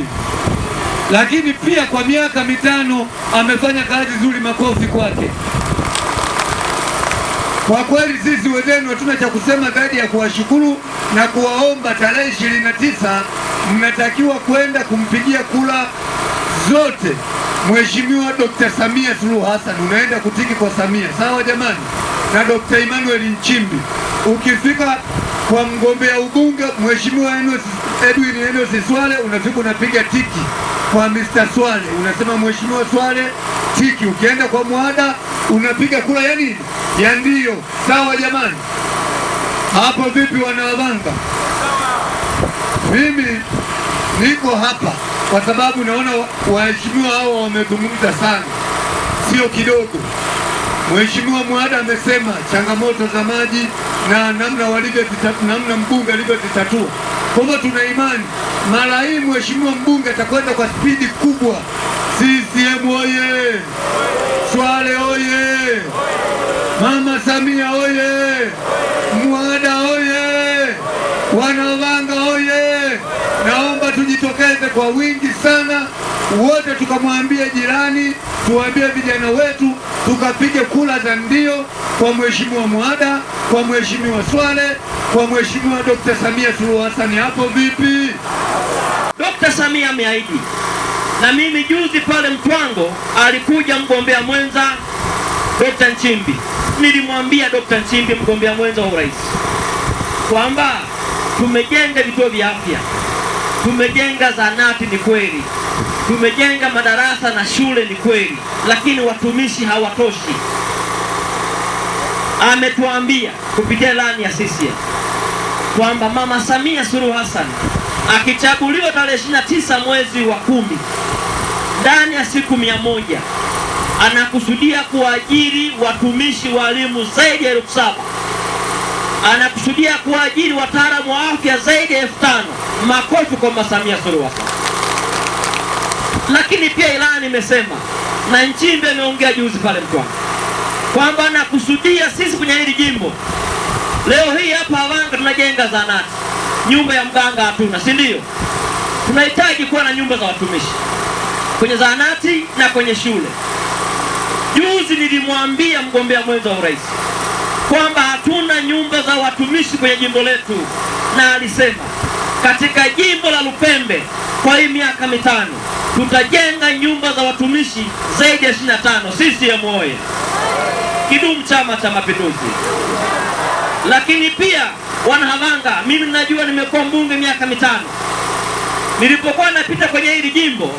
wapi. Lakini pia kwa miaka mitano amefanya kazi nzuri, makofi kwake. Kwa kweli sisi wenzenu hatuna cha kusema zaidi ya kuwashukuru na kuwaomba, tarehe ishirini na tisa mnatakiwa kwenda kumpigia kura zote Mheshimiwa Dr. Samia Suluhu Hassan. Unaenda kutiki kwa Samia, sawa jamani, na Dr. Emmanuel Nchimbi ukifika kwa mgombea ubunge Mheshimiwa Edwin Enos Swale, unafika unapiga tiki kwa Mr. Swale, unasema Mheshimiwa Swale tiki. Ukienda kwa mwada unapiga kura ya nini? Ya ndio. Sawa jamani, hapo vipi wanawabanga? Mimi niko hapa kwa sababu naona waheshimiwa hao wamezungumza sana, sio kidogo. Mheshimiwa Mwada amesema changamoto za maji na namna walivyovitatua, namna mbunge alivyovitatua. Kwa hivyo tuna imani mara hii mheshimiwa mbunge atakwenda kwa spidi kubwa. CCM oye! Swale oye! Mama Samia oye! Mwada oye! Wanavanga oye! Naomba tujitokeze kwa wingi sana wote tukamwambia jirani, tuwaambie vijana wetu, tukapige kula za ndio kwa mheshimiwa Mwada, kwa mheshimiwa Swale, kwa mheshimiwa Dr. Samia Suluhu Hassan. Hapo vipi? Dr. Samia ameahidi, na mimi juzi pale Mtwango alikuja mgombea mwenza Dr. Nchimbi, nilimwambia Dr. Nchimbi, mgombea mwenza wa urais, kwamba tumejenga vituo vya afya, tumejenga zahanati, ni kweli Tumejenga madarasa na shule ni kweli, lakini watumishi hawatoshi. Ametuambia kupitia ilani ya CCM kwamba Mama Samia Suluhu Hassan akichaguliwa tarehe tisa mwezi wa kumi, ndani ya siku mia moja anakusudia kuajiri watumishi walimu zaidi ya elfu saba anakusudia kuajiri wataalamu wa afya zaidi ya elfu tano. Makofi kwa Mama Samia Suluhu Hassan. Lakini pia ilani imesema na Nchimbi ameongea juzi pale Mtwara kwamba nakusudia sisi kwenye hili jimbo leo hii hapa Havanga tunajenga zahanati, nyumba ya mganga hatuna, si ndio? Tunahitaji kuwa na nyumba za watumishi kwenye zahanati na kwenye shule. Juzi nilimwambia mgombea mwenza wa urais kwamba hatuna nyumba za watumishi kwenye jimbo letu, na alisema katika jimbo la Lupembe kwa hii miaka mitano tutajenga nyumba za watumishi zaidi ya 25. CCM oye! Kidumu Chama cha Mapinduzi! Lakini pia wanahavanga, mimi najua, nimekuwa mbunge miaka mitano. Nilipokuwa napita kwenye hili jimbo,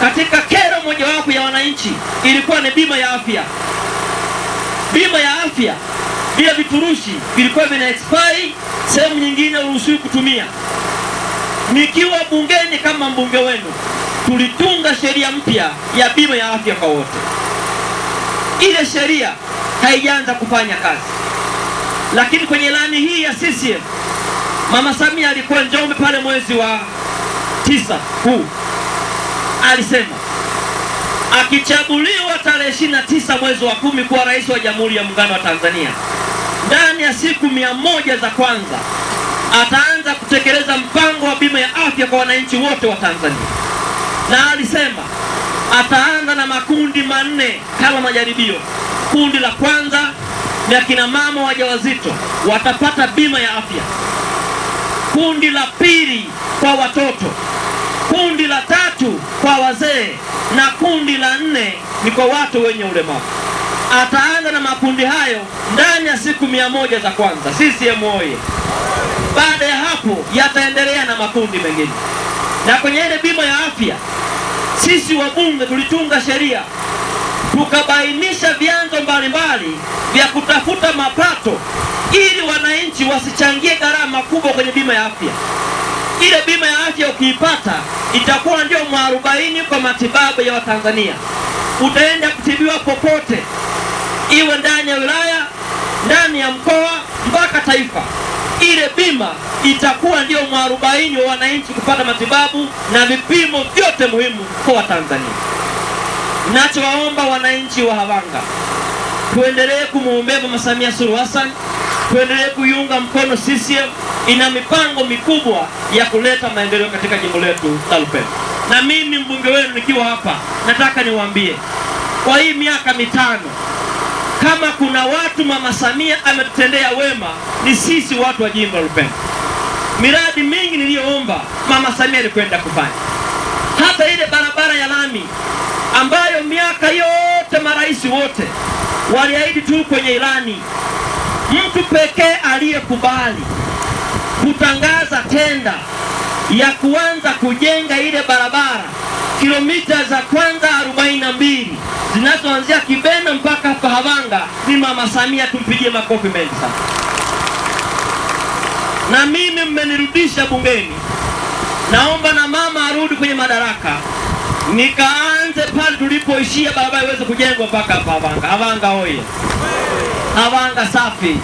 katika kero mojawapo ya wananchi ilikuwa ni bima ya afya. Bima ya afya vile viturushi vilikuwa vina expire, sehemu nyingine uruhusiwi kutumia. Nikiwa bungeni kama mbunge wenu tulitunga sheria mpya ya bima ya afya kwa wote. Ile sheria haijaanza kufanya kazi, lakini kwenye ilani hii ya CCM Mama Samia alikuwa Njombe pale mwezi wa tisa huu, alisema akichaguliwa tarehe ishirini na tisa mwezi wa kumi kuwa rais wa Jamhuri ya Muungano wa Tanzania, ndani ya siku mia moja za kwanza ataanza kutekeleza mpango wa bima ya afya kwa wananchi wote wa Tanzania na alisema ataanza na makundi manne kama majaribio. Kundi la kwanza ni akina mama wajawazito watapata bima ya afya. Kundi la pili kwa watoto, kundi la tatu kwa wazee na kundi la nne ni kwa watu wenye ulemavu. Ataanza na makundi hayo ndani ya siku mia moja za kwanza. CCM oye! Baada ya hapo, yataendelea na makundi mengine, na kwenye ile bima ya afya sisi wabunge tulitunga sheria tukabainisha vyanzo mbalimbali vya kutafuta mapato ili wananchi wasichangie gharama kubwa kwenye bima ya afya. Ile bima ya afya ukiipata itakuwa ndio mwarobaini kwa matibabu ya Watanzania. Utaenda kutibiwa popote, iwe ndani ya wilaya, ndani ya mkoa, mpaka taifa. Ile bima itakuwa ndio mwarobaini wa wananchi kupata matibabu na vipimo vyote muhimu kwa Tanzania. Nachowaomba wananchi wa Havanga, tuendelee kumwombea Mama Samia Suluhu Hassan, tuendelee kuiunga mkono CCM. Ina mipango mikubwa ya kuleta maendeleo katika jimbo letu la Lupembe, na mimi mbunge wenu nikiwa hapa, nataka niwaambie kwa hii miaka mitano kama kuna watu Mama Samia ametutendea wema ni sisi watu wa jimbo la Lupembe miradi mingi niliyoomba Mama Samia alikwenda kufanya, hata ile barabara ya lami ambayo miaka yote marais wote waliahidi tu kwenye ilani. Mtu pekee aliyekubali kutangaza tenda ya kuanza kujenga ile barabara kilomita za kwanza arobaini na mbili zinazoanzia Kibena mpaka hapa Havanga ni Mama Samia. Tumpigie makofi mengi sana na mimi mmenirudisha bungeni, naomba na mama arudi kwenye madaraka, nikaanze pale tulipoishia, barabara iweze kujengwa mpaka hapa Havanga. Havanga oye! Havanga safi!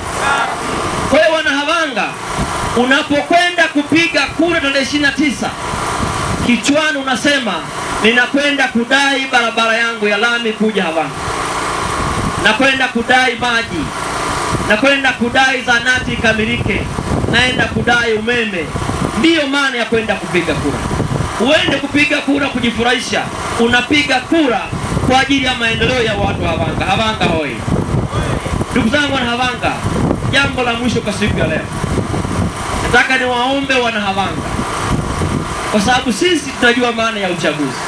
Kwa hiyo wana Havanga, unapokwenda kupiga kura tarehe ishirini na tisa kichwani unasema ninakwenda kudai barabara yangu ya lami kuja Havanga, nakwenda kudai maji na kwenda kudai zanati ikamilike, naenda kudai umeme. Ndiyo maana ya kwenda kupiga kura. Uende kupiga kura kujifurahisha, unapiga kura kwa ajili ya maendeleo ya watu Havanga. Havanga hoi! Ndugu zangu wana Havanga, jambo la mwisho kwa siku ya leo, nataka niwaombe wana Havanga, kwa sababu sisi tunajua maana ya uchaguzi.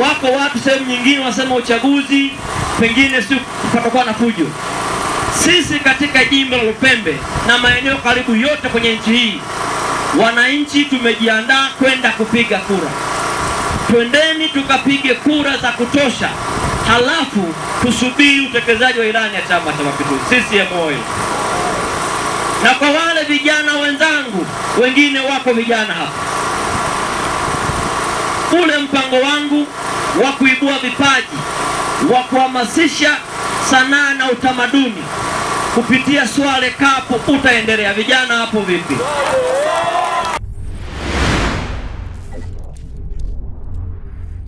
Wako watu sehemu nyingine wanasema uchaguzi pengine si kutakuwa na fujo sisi katika jimbo la Lupembe na maeneo karibu yote kwenye nchi hii, wananchi tumejiandaa kwenda kupiga kura. Twendeni tukapige kura za kutosha, halafu tusubiri utekelezaji wa ilani ya Chama cha Mapinduzi CCM oyee! Na kwa wale vijana wenzangu, wengine wako vijana hapa, ule mpango wangu wa kuibua vipaji wa kuhamasisha sanaa na utamaduni kupitia Swale Cup utaendelea. Vijana hapo vipi?